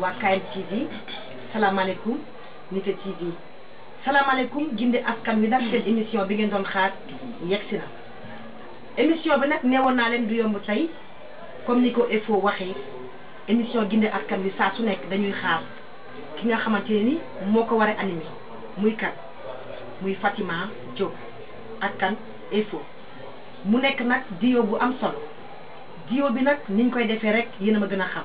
waa KN TV salaamaaleykum Nitte TV salaamaaleykum ak kan wi nag seen émission bi ngeen doon xaar yegg na émission bi nag neewoon naa leen du yomb tey comme ni ko EFO waxee émission gindi askan wi saa su nekk dañuy xaar ki nga xamante ne ni moo ko war a animé muy kan muy Fatima Diop ak kan EFO mu nekk nag diyo bu am sol diyo bi nag niñ koy defee rek yéen a ma gën a xam.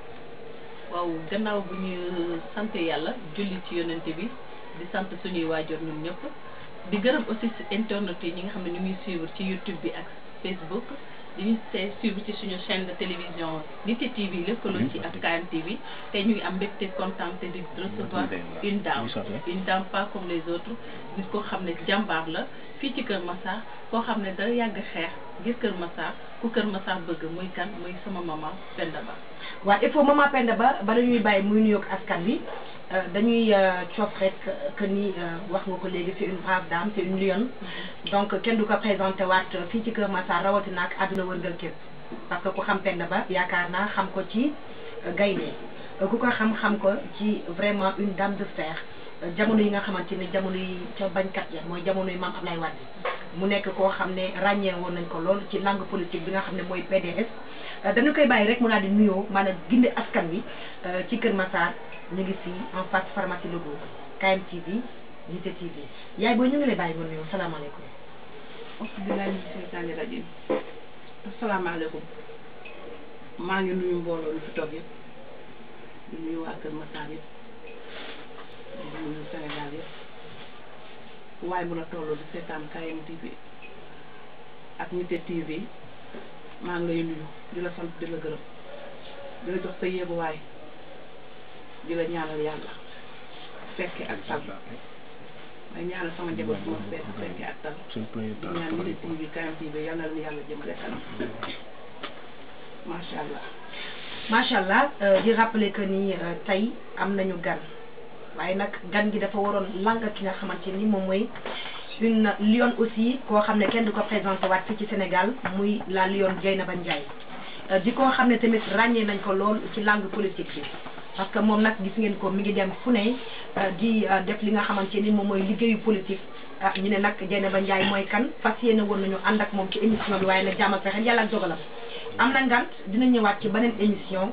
waaw gannaaw bu ñu sant yàlla julli ci yonente bi di sant suñuy waajur ñun ñëpp di gërëm aussi si internet yi ñi nga xam ne ñu ngi suivre ci YouTube bi ak Facebook di ñu see suivre ci suñu chaîne de télévision Nitte TV lëkkaloo ci ak KN TV te ñu ngi am mbégte contenté di recevoir une dame une dame pas comme les autres nit koo xam ne jàmbaar la fii ci Kër Massar koo xam ne da yàgg xeex ngir Kër Massar ku Kër Massar bëgg muy kan muy sama maman Penda wa il faut maman Penda ba bala ñuy bàyyi muy nuyoog askan bi euh, dañuy euh, coof rek que ni euh, wax nga ko léegi c'est une brave dame c'est une lionne donc ken du ko présenté waat fii ci Kër massa rawatina ak àdduna wërngal képp parce que ko xam Penda ba yaakaar xam ko ci gayné ku ko xam-xam ko ci vraiment une dame de fer jamono yi nga xamante jamono yi ci bagn kat ya moy jamono yi mam Ablaye Wade mu nekk ko xamné ragné won nañ ko lool ci langue politique bi nga xamné moy PDS Dan nou kay bay rek moun ade miyo manet ginde askan wi, euh, mi Kikil masal negisi an fas farmati logon KM TV, Nite TV Yay bo nye le bay moun miyo, salam alekou Osu genay moun, salam alekou Mangi nou yon volo yon fotogye Miyo akil masal Moun yon salay gale Woy moun atol lo di setan KM TV Ak Nite TV maa ngi lay nuyu di la sant di la gërëm la jox sa yéeguwaay di la ñaanal yàlla fekke ak tal may yàlla jëmale kanam macha allah. macha allah euh, di rappeler que ni euh, tey am nañu gan waaye nag gan gi dafa waroon langa ki nga xamante ni moom mooy. une lionne aussi koo xam ne kenn du ko présenté waat fii ci Sénégal muy la lionne Dieynaba Ndiaye euh, di koo xam ne tamit ràññee nañ ko lool ci langue politique yi parce que moom nag gis ngeen ko mi ngi dem fu ne euh, di euh, def li nga xamante ni moom mooy liggéeyu politique ñu ne nag ba njaay mooy kan fas yéene woon nañu ànd ak moom ci émission bi waaye nag jàmm ak pexe yàlla ak dogalam am na ngant dina ñëwaat ci beneen émission.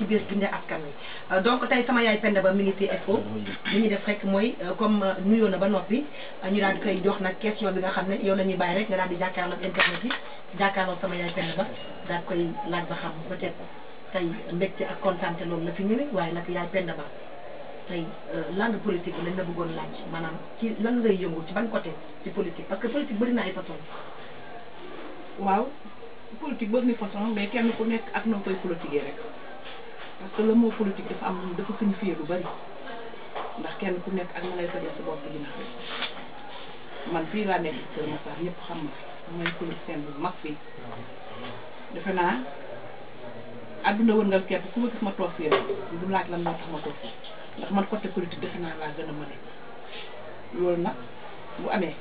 ci biir ginde askan wi euh, donc tey sama yaay Penda Ba Miniti Expo li ñuy def rek mooy euh, comme euh, nuyoo na ba noppi ñu daal di koy jox nag question bi nga xam ne yow la ñuy bàyyi rek nga daal di jàkkaarloog internet yi jàkkaarloog sama yaay Penda Ba daal koy laaj ba xam la fi nag yaay Penda Ba tey langue politique lañ la bëggoon laaj maanaam ci lan ngay yëngu ci ban côté ci politique parce que politique bëri na ay façon waaw politique bëri na façon mais kenn ku nekk ak noo koy politiquer rek parce que le mot politique dafa am dafa signifier lu bari ndax kenn ku nekk ak na lay tojee sa bopp dina xëy man fii laa nekk Kër xam na mooy politicien bu mag fii defe naa àdduna wërngal képp ku ma gis ma toog fii rek du laaj lan moo tax ma toog ndax man côté politique defe naa laa gën a mën loolu nag bu amee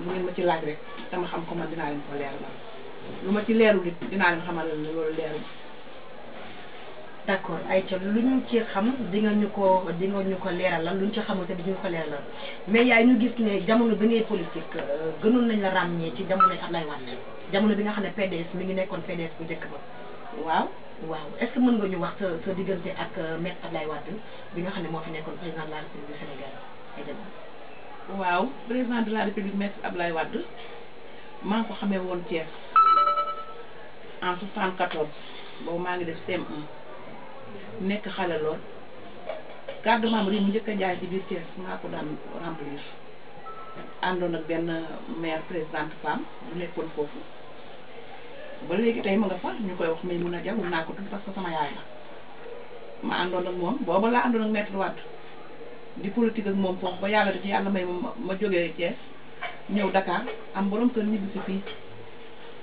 mu ngeen ma ci laaj rek dama xam ko man dinaa leen ko leeral lu ma ci leeru it dinaa leen xamal ne loolu leerul d' accord Aïcha lu ñu ci xam di nga ñu ko di nga ñu ko leeralal lu ñu ci xamul te di ñu ko leeralal mais yaay ñu gis ne jamono bi ngay politique euh, gënoon nañ la ràññee ci jamonoy Abdoulaye Wade jamono bi nga xam ne PDS mi ngi nekkoon PDS bu njëkk ba waaw. waaw est ce mën nga ñu wax sa sa diggante ak euh, maître Abdoulaye Wade bi nga xam ne moo fi nekkoon président de République Sénégal waaw président de la République maître Abdoulaye Wade maa ngi ko xamee woon Thiès en 74 nekk xale lool carte membre yi mu njëkk a jaay ci biir Thiès maa ko daan remplir àndoon ak benn maire présidente femme bu nekkoon foofu ba léegi tey mu nga fa ñu koy wax may mun a jaw naa ko tudd parce que sama yaay la ma àndoon ak moom booba laa àndoon ak maître Wade di politique ak moom foofu ba yàlla def yàlla may ma ma jógee Thiès ñëw Dakar am borom kër ñibbi fii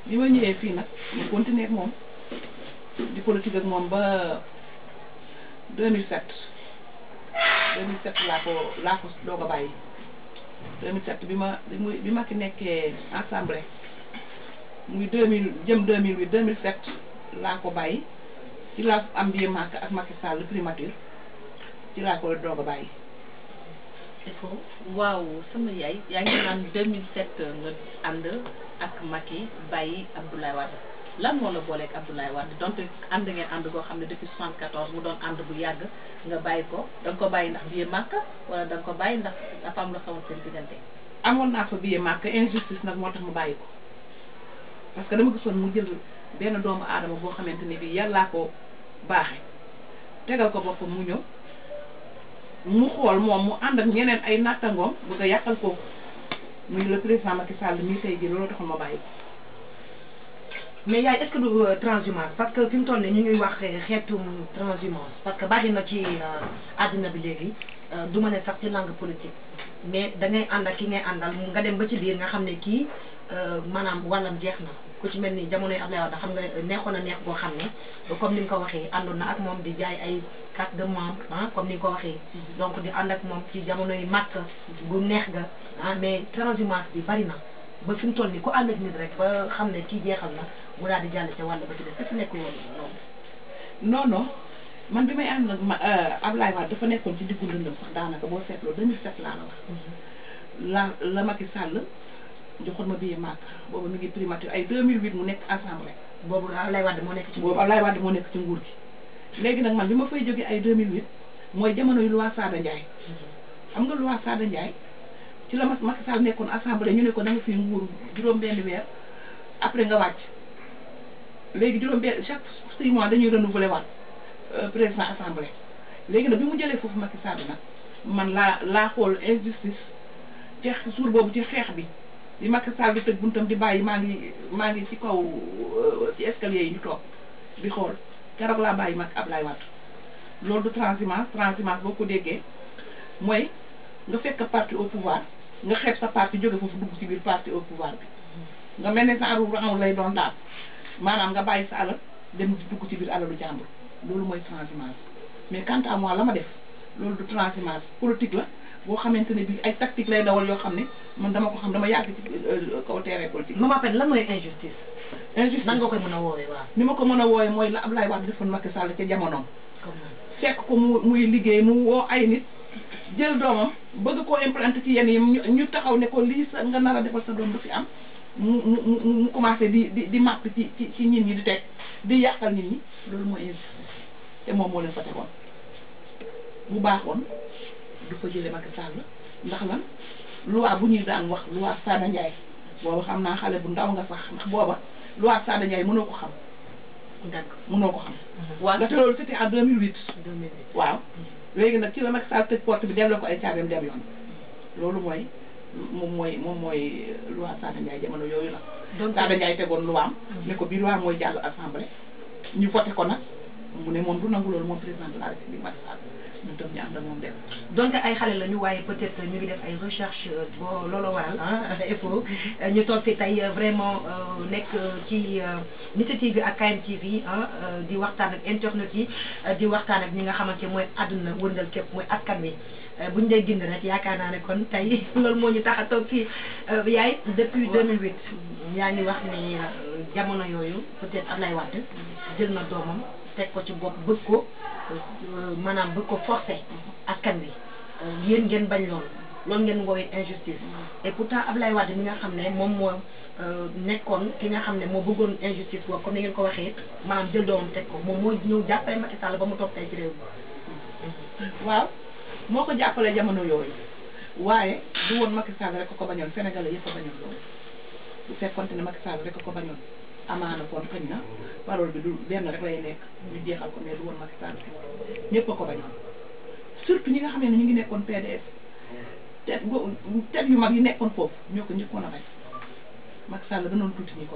bi ma ñëwee fii nag ma continuer moom di politique ak moom ba 2007 2007 laa ko laa ko doog a bàyyi 2007 bi ma bi ma ki nekkee assemblée muy 2000 jëm 2008 2007 laa ko bàyyi ci laa am biir màkk ak Macky Sall primature ci laa ko doog a bàyyi. waaw sama yaay yaa ngi naan 2007 nga ànd ak Macky bàyyi Abdoulaye Wade. lan moo la booleeg Abdoulaye Wade donte ànd ngeen ànd goo xam ne depuis 74 mu doon ànd bu yàgg nga bàyyi ko da nga ko bàyyi ndax biir màkk wala da ko bàyyi ndax dafa am lu xawoon seen diggante. amoon naa fa biir màkk injustice nag moo tax mu bàyyi ko parce que dama gisoon mu jël benn doomu aadama boo xamante ne bii yàllaa ko baaxe tegal ko boppam mu ñëw mu xool moom mu ànd ak ñeneen ay nattangoom bëgg a yàqal kooku muy le président Macky Sall ma bàyyi mais yaay est-ce que du euh, transhumance parce que fim mu toll ñu ngi wax euh, xeetu transhumance parce que bari na ci adina euh, bi léegi du ma ne sax ci langue politique mais da ngay ànd ak ki ngay àndal nga dem ba ci biir nga xamné ki kii maanaam wàllam jeex na ku ci melni jamono jamonoy Abdoulaye Wade xam nga neexoon neex go xamné comme ni ko waxé àndoon na ak mom di jaay ay carte de membre hein comme ni ko waxé mm-hmm. donc di and ak mom ci jamono jamonoy màkk gu neex ga ah mais transhumance bi bari na ba fim mu ko and ak nit rek ba xamné ki jeexal na. mu daal di jàll ca wàll ba ci def ci nekkul woon noonu. non man bi may ànd ak ma euh, Ablaye Wade dafa nekkoon ci diggu lëndëm sax daanaka boo seetloo 2007 laa la wax. Mm-hmm. la la Macky Sall joxoon ma bii màkk boobu mi ngi primature ay 2008 mu nekk assemblée. boobu Ablaye Wade moo nekk ci. boobu moo nekk ci nguur gi. léegi nag man bi ma fay jógee ay 2008 mooy jamono yu loi Sada Ndiaye. Mm-hmm. xam nga loi Sada Ndiaye ci la Macky Sall nekkoon assemblée ñu ne ko na nga fi nguur juróom weer après nga wàcc. léegi juróom-benn chaque six mois dañuy renouveler waat euh, président assemblée léegi nag bi mu jëlee foofu Macky Sall nag man laa laa xool injustice ci suur boobu ci xeex bi di Macky Sall di tëj buntam di bàyyi maa ngi maa ngi ci kaw euh, ci escalier yi ñu toog di xool keroog laa bàyyi Macky Ablaye Wade loolu du transhumance transhumance boo ko déggee mooy nga fekk parti au pouvoir nga xeeb sa parti jóge foofu dugg ci biir parti au pouvoir bi nga mel ne sa aru lay doon daal. maanaam nga bàyyi sa alal dem di dugg ci biir alalu jàmbur loolu mooy transhumance mais quant am moi la ma def loolu du transhumance politique la boo xamante ni bii ay tactique lay dawal yoo xam ne man dama ko xam dama yàgg ci euh, kaw terrain politique. nu ma pen lan mooy injustice. injustice nan nga koy mën a woowee waaw. ni ma ko mën a woowee mooy la Abdoulaye Wade defoon Macky Sall ca jamonoom. fekk ko mu muy liggéey mu woo ay nit jël doomam bëgg koo implanté ci yenn yi ñu taxaw ne ko lii sa nga nar doom du fi am. mu mu mu mu commencé di di di màpp ci ci ci nit di teg di yàqal nit ñi loolu mooy injustice te moom moo leen fa tegoon bu baaxoon du ko jëlee Macky Sall ndax lan loi bu ñuy daan wax loi Sada Ndiaye booba xam naa xale bu ndaw nga sax ndax booba loi Sada Ndiaye mënoo ko xam. d'accord mënoo ko xam. Uh-huh. waaw nga te loolu c'était en 2008. 2008 waaw uh-huh. léegi nag ci la Macky Sall tëj porte bi delloo ko ay caabeem dem yoon uh-huh. loolu mooy. moom mooy moom mooy loi Sada Ndiaye jamono yooyu la. donc Sada Ndiaye tegoon loi am. ne ko bi loi mooy jàll assemblée. ñu voté ko nag mu ne moom du nangu loolu moom président de la république Macky Sall ñun tam ay xale lañu waaye peut-être ñu ngi def ay recherche euh, boo looloo waral ah ñu toog fi tey euh, vraiment nekk ci Nitte TV ak KMTV di waxtaan ak internet yi di waxtaan ak ñi nga xamante mooy àdduna wëndal képp mooy askan wi. Euh, bu ñu dee gindi rek yaakaar naa ne kon tey loolu moo ñu tax a toog fii euh, yaay depuis 2008 yaa ngi wax ni euh, jamono yooyu peut-être Ablaye jël na doomam teg ko ci bopp bëgg ko maanaam bëgg ko forcer askan bi yéen ngeen bañ loolu loolu ngeen woowee injustice et pourtant Ablaye Wade mi nga xam ne moom moo nekkoon ki nga xam ne moo bëggoon injustice boobu comme ni ngeen ko waxee maanaam jël doomam teg ko moom moo ñëw jàppale Macky Sall ba mu toog tey ci réew mi mm-hmm. waaw moo ko jàppale jamono yooyu waaye du woon Macky Sall rek ko bañoon Sénégal yëpp a bañoon loolu bu fekkonte ne Macky Sall rek ko bañoon amaana kon xëñ na parole bi du benn rek lay nekk ñu jeexal ko mais du woon Macky Sall ñëpp a ko bañoon surtout ñi nga xam ne ñu ngi nekkoon PDS tet tet yu mag yi nekkoon foofu ñoo ko njëkkoon a bañ Macky Sall gënoon tuuti ñi ko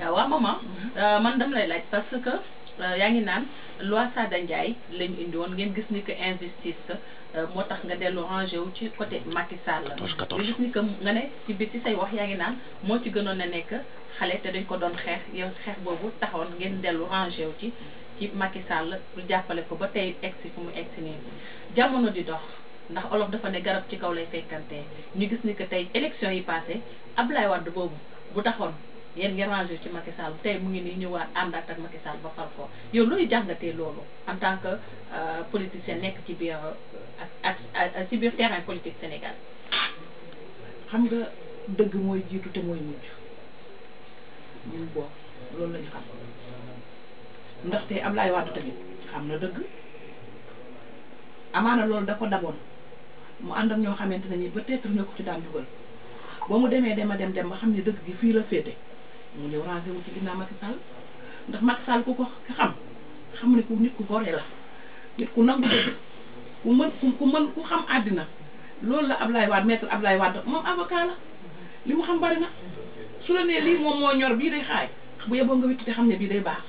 Euh, waaw maman euh, man dama lay laaj parce que euh, yaa ngi naan loi Sada Ndiaye lañ indi woon ngeen gis ni que injustice moo tax nga dellu rangé wu ci côté Macky Sall nga gis ni que nga ne ci biir say wax yaa ngi naan moo ci gënoon a nekk xale te dañ ko doon xeex yow xeex boobu taxawoon ngeen dellu rangé wu ci ci Macky Sall jàppale ko ba tey egsi fu mu egsi nii jamono di dox ndax olof dafa ne garab ci kaw lay fekkante ñu gis ni que tey élection yi passé Abdoulaye Wade boobu bu taxoon yéen ngeen rangé ci Macky Sall tey mu ngi nii ñëwaat àndaat ak Macky Sall ba fal ko yow looy jàngatee loolu en tant que euh, politicien nekk ci biir euh, ak ak ci biir terrain politique Sénégal. xam nga dëgg mooy jiitu te mooy mujj ñun boobu loolu lañu xam ndaxte Ablaye Wade tamit xam na dëgg amaana loolu da ko daboon mu ànd ñoo xamante ne nii peut-être ko ci daan dugal ba mu demee dem a dem dem ba xam ne dëgg gi fii la féete. mu ñëw rangé wu ci ginnaaw Macky Sall ndax Macky Sall ku ko xam xam ne ku nit ku gore la nit ku nangu ku mën ku mën ku xam àddina loolu la Ablaye Wade maître Ablaye Wade moom avocat la li mu xam bari na su la nee lii moom moo ñor bii day xaay bu yeboo nga witti te xam ne bii day baax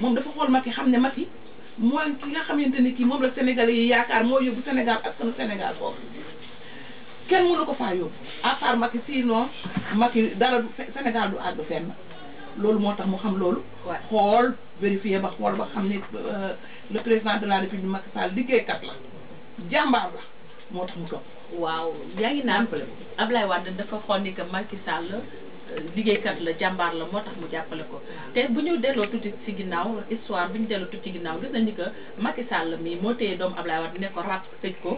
moom dafa xool Macky xam ne Macky mooy ki nga xamante ni kii moom la Sénégalais yi yaakaar moo yóbbu Sénégal ak sunu Sénégal foofu kenn mënu ko faa yóbbu à part Macky sinon Macky dara du Sénégal du àgg fenn loolu moo tax mu xam loolu. xool vérifier ba xool ba xam ni euh, le président de la république Macky Sall liggéeykat la jàmbaar la moo tax mu topp. waaw yaa ngi naan Ablaye Wade dafa xool ni que Macky Sall euh, liggéeykat la jàmbaar la moo tax mu jàppale ko te bu ñu delloo tuuti ci ginnaaw histoire bu ñu delloo tuuti ci ginnaaw gis nañu que Macky Sall mii moo téye doom ab Wade ne ko ràpp tëj ko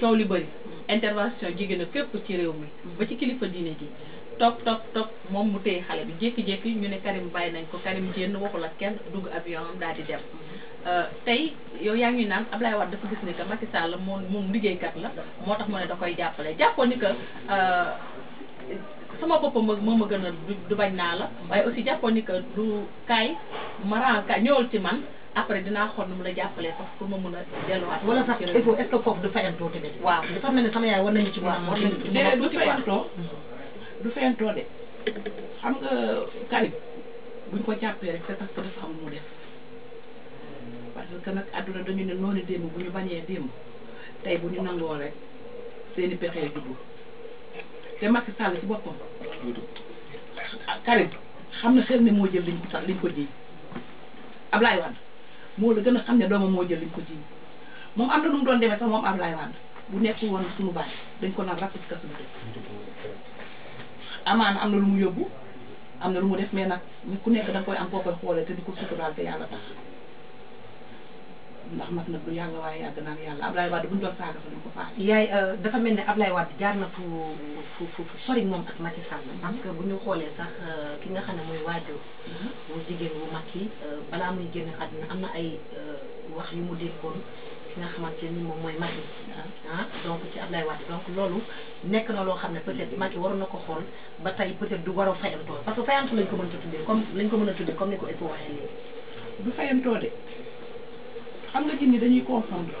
coow li bëri. intervention jigéen na fépp ci réew mi ba ci kilifa diine ji topp topp topp moom mu téye xale bi jékki-jékki ñu ne Karim bàyyi nañ ko Karim jénn waxul ak kenn dugg avion am daal di dem euh, tey yow yaa ngi naan lay Wade dafa gis ni que Macky Sall moom moom liggéeykat la moo tax mu ne da koy jàppale jàppoo ni que euh, sama boppa moo ma gën a du bañ naa la waaye aussi jàppoo ni que du kaay ma ran ñëwal ci man après dinaa xool nu mu la jàppalee sax pour ma mun a delluwaat. wala sax il faut est-ce que foofu du fayantoo tamit. waaw dafa mel ne sama yaay war nañu ci. waaw war nañu ci mën a tuuti quoi mm. du fayantoo de xam nga Karim buñ ko jàppee rek c'est parce mu def parce que nag àdduna dañu ne noonu démb bu ñu bañee démb tey bu ñu nangoo rek seeni pexe juddu te Macky Sall ci boppam. Karim xam na xel ne moo jël liñ ko liñ ko ji Ablaye moo la gën a xam ne doomam moo jël liñ ko ji moom am na nu doon demee sax moom Ablaye Wade bu nekk woon suñu baay dañ ko naan rapide kas bu dëkk amaana am na lu mu yóbbu am na lu mu def mais nag ku nekk da nga koy am koo koy xoolee te di ko suturaal te yàlla tax ndax mat na bu yàlla waaye yàgg naa yàlla Ablaye Wade bu ñu doon saaga fa ñu ko faale. yaay euh, dafa mel ne jaar na fu fu fu moom ak Macky Sall. Mhm. bu ñu xoolee sax euh, ki nga xam ne mooy waajur. Mhm. bu jigéen bu mag yi euh, balaa muy génn àddina am na ay wax yu mu déggoon ki nga xamante ni moom mooy Macky. Mhm. ah donc ci Ablaye Wade donc loolu nekk na loo xam ne peut-être Macky waroon na ko xool ba tey peut-être du war a fayantoo parce que fayantu lañ ko mën a ko mën a tuddee ni ko Epo du fayantoo de. xam nga jinne dañuy confondre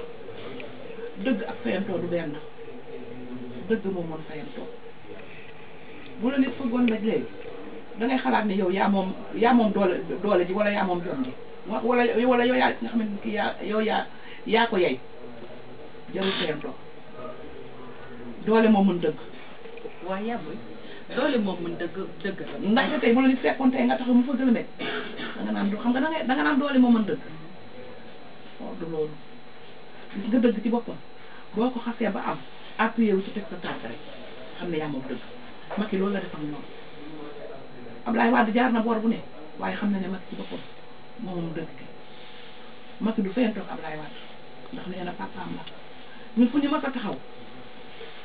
dëgg ak fayantoo du benn dëgg moom moom fayantoo bu la nit fëggoon nag léegi da xalaat ne yow yaa moom yaa moom doole doole ji wala yaa moom jom ji wala wala yow yaa nga xamante yow yaa yaa ko yey jarul fayantoo doole moom mën dëgg waaye yaa booy doole moom mën dëgg dëgg la ndax tey bu la nit fekkoon tey nga taxaw mu fëgg la nekk da xam nga da nga naan doole moom mën dëgg fort de loolu dëgg ci boppam boo ko xasee ba am appuyé wu ci teg sa xam ne yaa la def ak ñoom Abdoulaye Wade jaar na boor bu ne waaye xam na ne Macky ci boppam moom dëgg gi Macky du fayantoog ndax na papaam la ñun fu ñu mës taxaw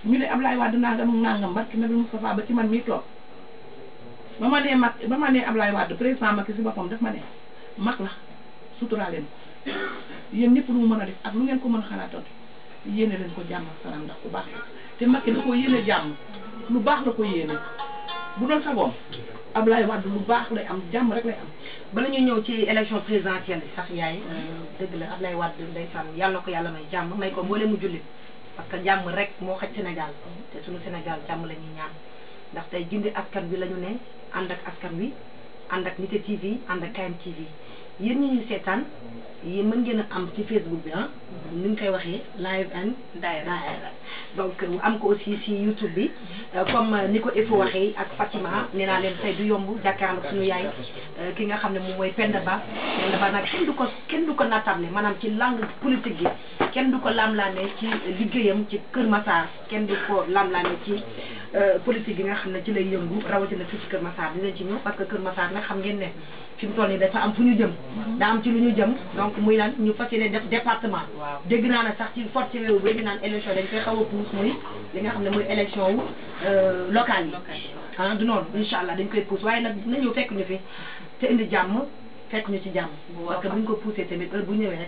ñu ne Abdoulaye Wade nangam nangam barki Nabi Moustapha ba ci man mii toog ba ma nee Macky ba ma nee Abdoulaye Wade président Macky si boppam daf ma ne mag la suturaaleen ko yéen ñëpp lu mu mën a def ak lu ngeen ko mën a xalaatal yéene lañ ko jàmm ak salaam ndax ku baax la te Macky da koo yéene jàmm lu baax la ko yéene bu doon sagoom Ablaye Wade lu baax lay am jàmm rek lay am. bala ñu ñëw ci élection présidentielle bi sax yaay dëgg la Ablaye Wade ndeysaan yàlla ko yàlla may jàmm may ko mboolem mu jullit parce que jàmm rek moo xaj Sénégal te suñu Sénégal jàmm la ñuy ñaan ndax tey gindi askan bi lañu ne ànd ak askan wi ànd ak Nitte TV ànd ak KM TV. yéen ñi ñu seetaan yéen mën ngeen a am ci Facebook bi ah. ni ñu koy waxee live and direct. donc am ko aussi ci YouTube bi comme euh, ni ko Efo waxee ak Fatima nee naa leen tey du yomb jàkkaarloo ak suñu yaay euh, ki nga xam ne moom mooy Penda Ba Penda Ba nag kenn du ko kenn du ko nattable maanaam ci langue politique gi kenn du ko lamlaane ci liggéeyam ci Kër Massar kenn du ko lamlaane ci. Euh, politique yi nga xam ne ci lay yëngu rawatina fii ci Kër Massar dinañ ci ñëw parce que Kër Massar nag xam ngeen ne fi mu toll nii dafa am fu ñu jëm da am ci lu ñu jëm donc muy lan ñu fas yéene def département dégg naa ne sax ci fort ci réew bi ñu naan élection dañ koy xaw a muy li nga xam ne muy élection wu euh, locale yi ah du noonu incha allah dañ koy puus waaye nag na ñëw fekk ñu fi te indi jàmm fekk ñu ci jàmm parce que bu ñu ko poussé tamit bu ñëwee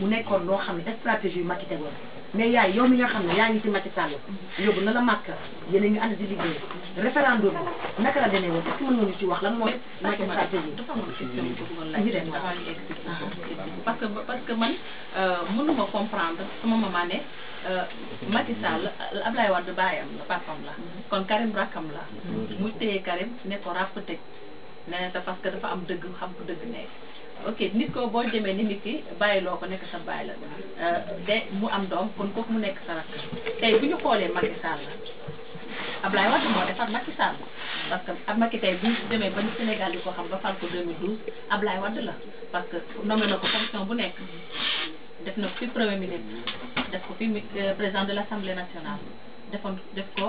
mu nekkoon loo xam ne stratégie yu Macky tegoon mais yaay yow mi nga xam ne yaa ngi ci Macky Sall yóbbu na la màkk yéen a ngi na di liggéey référendum bi naka la demee woon est-ce que mën nga ñu ci wax lan mooy Macky stratégie parce que parce que man euh, mënuma comprendre sama maman ne euh, Macky Sall Ablaye Wade am la papam la kon Karim rakkam la mm-hmm. muy téye Karim ne ko ràpp tëj parce que dafa am dëgg xam ko dëgg nekk ok nit ko boo demee ni nit ki bàyyiloo ko nekk sa bàyyi la euh, de mu am doom kon kooku mu nekk sa rakk tey bu ñu xoolee Macky Sall Ablaye Wade moo defar Macky Sall parce que ab Macky tey bu demee ba ñu Sénégal yi ko xam ba fal ko 2012 Ablaye Wade la parce que nommé na ko fonction bu nekk def na ko fi premier ministre def ko fi euh, président de l' assemblée nationale defoon def ko.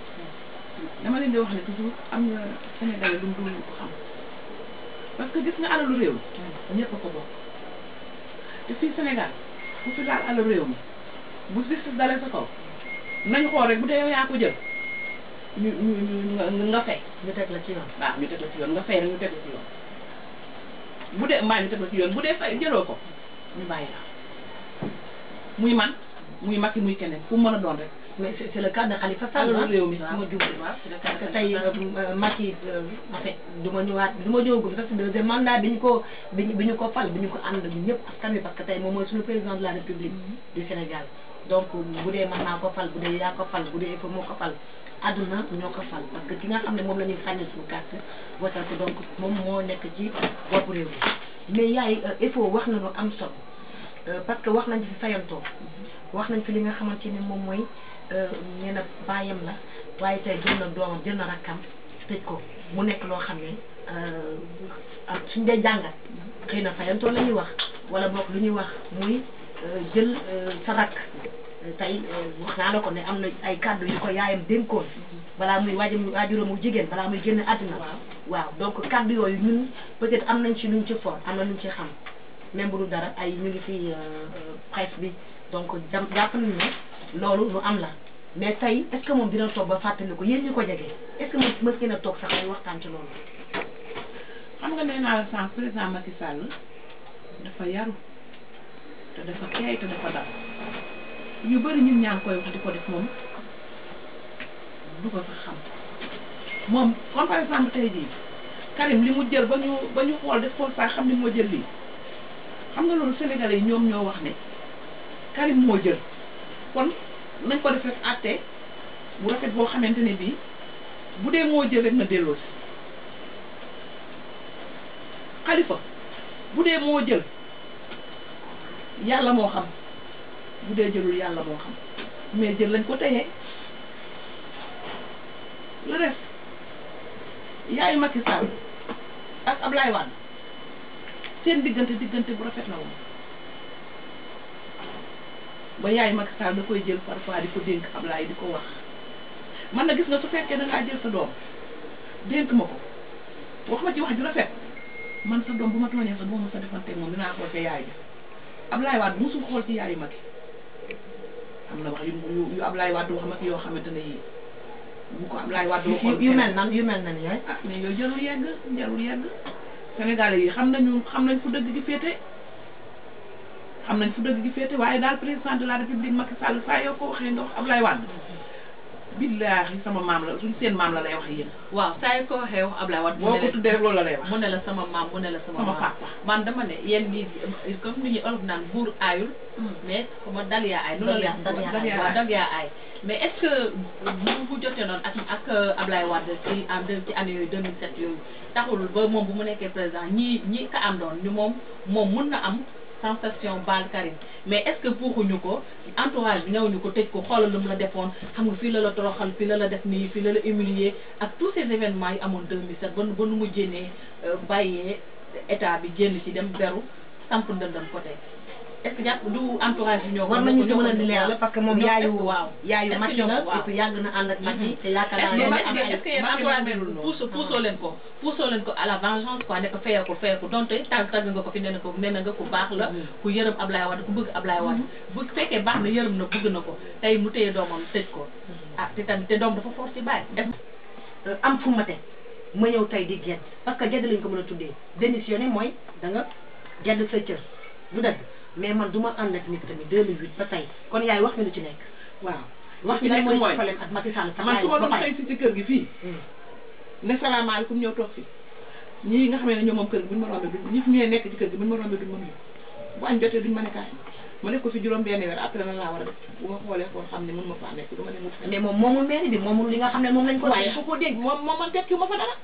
dama leen di wax ne toujours am na Sénégal lu mu ko xam gis nga alalu réew mi ñëpp a ko bokk te fii Sénégal bu fi laal alalu réew mi bu justice dalee sa kaw nañ xool rek bu dee yow yaa ko jël ñu ñu ñu nga fay. ñu teg la ci yoon waaw ñu teg la ci yoon nga fay rek ñu teg la ci yoon bu dee mbaa ñu teg la ci yoon bu de fay jëloo ko ñu bàyyi muy man muy Macky muy keneen fu mu mën a doon rek. mais c'est le cas de Khalifa Sall. Alors, hein. réew mi waaw ma jublu parce que tey euh, euh, Macky euh, en fait du ma ñëwaat du ma ñëwagum sax si mandat bi ñu ko bi ñu bi ñu ko fal bi ko ànd ñun ñëpp askan parce que tey moom mooy président de la république mhm. du Sénégal donc bu dee mën naa ko fal bu dee yaa ko fal bu dee fa moo fal. àdduna ñoo fal parce que ki nga xam ne moom la ñuy sànni suñu carte votal ko donc mom mo nekk ci bopp réew mais yaay efo wax nañu am solo parce que wax nañ fi fayantoo mhm. wax nañ fi li nga xamante ni moom mooy Euh, nee na bàyyam la waaye te jël na doomam jël na rakkam tëj ko mu nekk loo xam ne euh, suñ dee jàngat xëy na fayantoo la ñuy wax wala boog lu ñuy wax muy euh, jël sa rakk tey wax naa la ko ne am na ay kàddu yu ko yaayam dénkoon balaa muy waajam waajuram mu jigéen balaa muy génn àddina waaw donc kàddu yooyu ñun peut-être am nañ ci luñ ci for am na luñ ci xam même bu dara ay ñu ngi fi presse bi donc jàpp nañu ne loolu lu am la mais tey est moom dina toog ba fàttali ko yéen ñi ko jege est-ce que moom mës ngeen a toog sax ay waxtaan ci loolu. xam nga nee naa la sànq président Macky Sall dafa yaru te dafa teey te dafa ñu bëri koy di ko def moom du ko xam moom comme par exemple tey mu jël ba ñu ba xool def xool saa xam moo jël lii xam nga loolu Sénégalais yi ñoom ñoo wax ne Karim moo jël. kon nañ ko def rek àtte bu rafet boo xamante ne bii bu dee moo jël rek na delloo si xalifa bu dee moo jël yàlla moo xam bu dee jëlul yàlla moo xam mais jël lañ ko teyee le reste yaayu Macky Sall ak Ablaye Wade seen diggante diggante bu rafet la woon ba yaay Macky Sall da koy jël parfois di ko dénk Ablaye di ko wax man na gis nga su fekkee da ngaa jël sa doom dénk ma ko wax ma ci wax ju rafet man sa doom bu ma tooñee sa doom ma sa defanteeg moom dinaa xool ca yaay bi Ablaye Wade musul xool ci yaayu Macky am na wax yu yu yu Ablaye wax Macky yoo xamante ne yii bu ko Ablaye laay waxoon yu mel nan yu mel nan yaay ah mais yooyu jarul yegg jarul yegg Sénégalais yi xam na nañu xam nañ fu dëgg gi féete xam nañ fu dëgg gi féete waaye daal président de la république Macky Sall saa yoo ko waxee nga wax Ablaye Wade billaahi sama maam la suñ seen maam la lay wax yéen waaw saa waxee wax Ablaye mu ne la sama maam mu ne la sama sama man dama ne yéen ñi comme ni ñuy olof naan buur aayul hmm. mais ma dal yaa aay loolu la waaw dal yaa aay mais est ce que bu bu jotee noonu ak ak euh, Ablaye Wade ci en ci année yooyu yooyu taxul ba mu nekkee président ñi ñi ka àndoon ñu moom moom mun na am sensation balle mais est-ce que pour ko entourage bi nous ko tëj ko xolal lu la defoon xam nga la la toroxal la la def la humilier ak tous ces événements yi amoon 2007 bon mu euh, état bi génn ci dem ndëndam côté est-ce que jàpp du entourage junior war nañu parce que moom yaayu waaw yaayu match waaw yàgg na ànd ak match mhm. te yaakaar naa ne am ay entourage bi puusoo leen ko puusoo leen ko à la vengeance quoi ne ko fayee ko fayee ko donte tàgg tàgg nga ko fi nee ko nee nga ku baax la mhm. ku yërëm Ablaye Wade ku bëgg Ablaye Wade mhm. bu fekkee baax na yërëm na bëgg na ko tey mu téye doomam tëj ah te tamit te doom dafa foor ci bàyyi euh, am fu ma te ma ñëw tey di gedd parce que gedd lañ ko mën a tuddee démissionné mooy da nga sa cër du dëgg mais man du ma ànd ak nit tamit 2008 ba tey kon yaay wax na lu ci nekk waaw. wax ñu nekk mooy ma doon xëy ci kër gi fii. Hmm. ne salaamaaleykum ñëw toog fi ñii nga xam ne ñoom ma rombee gi buñ ma rombee duñ ne kaay ma def ko fi juróom benn weer après lan laa war a def bu ma xoolee xool xam ne mën ma faa nekk du ma ne mais moom moomul mairie bi moomul li nga xam ne moom lañ ko waaye fu ko dégg moom moom man tekki ma fa dara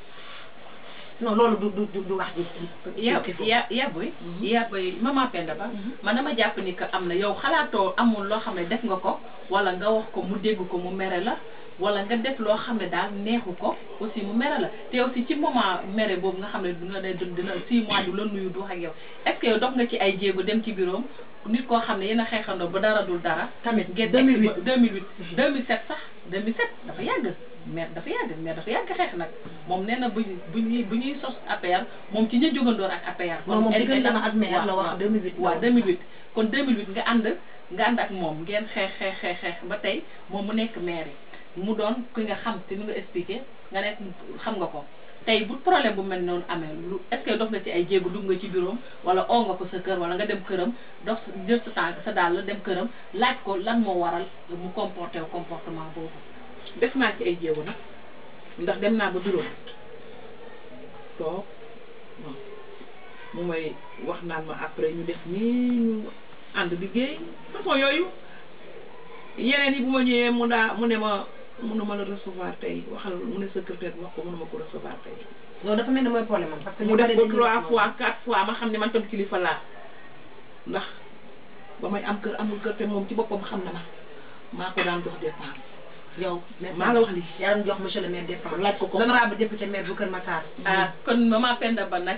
non loolu du du du wax ji. yaa yaa ya booy. yaa booy mhm. maman Penda Ba. Mhm. man na ma jàpp ni que am na yow xalaatoo amul loo xam ne def nga ko wala nga wax ko mu dégg ko mu mere la wala nga def loo xam ne daal neexu ko aussi mu mere la te aussi ci moment mere boobu nga xam ne dina dina 6 mois du la nuyu du wax ak yow est ce que yow dox nga ci ay jéego dem ci biroom nit koo xam ne yéen a xeexandoo ba dara dul dara. tamit ngeen 2008 2008 2007 sax. 2007 dafa yàgg maire dafa yàgg maire dafa yàgg xeex nag moom nee na bu ñuy bu ñuy sos APR moom ci ña jógandoor ak APR. kon moom diggante ak maire la wax 2008. waaw 2008 kon 2008 nga ànd nga ànd ak moom ngeen xeex xeex xeex ba tey moom mu nekk maire yi mu doon ki nga xam te ni nga expliqué nga nekk xam nga ko. tey bu problème bu mel noonu amee lu est-ce que ci ay jéego dugg nga ci bureau wala oo nga ko sa kër wala nga dem këram dox jël sa sa dàll dem këram laaj ko lan moo waral mu comporté wu comportement boobu. def naa ci ay jéego nag ndax dem naa ba bureau toog mu may wax naan ma après ñu def nii ñu ànd liggéey façon yooyu yeneen yi bu ma ñëwee mu daa mu ne ma. mënuma la recevoir tey waxal mu ne secrétaire wax ko mënuma ko recevoir tey. loolu dafa mel ni mooy problème am parce que. mu def ko trois fois quatre fois ma xam ne man tam kilifa laa ndax ba may am kër amul kër te moom ci boppam xam na ma maa ko daan jox dépense. yow maa la wax lii yaa doon jox ma le maire dépense. laaj ko ko honorable député maire bu Kër Massar. kon maman Ba nag.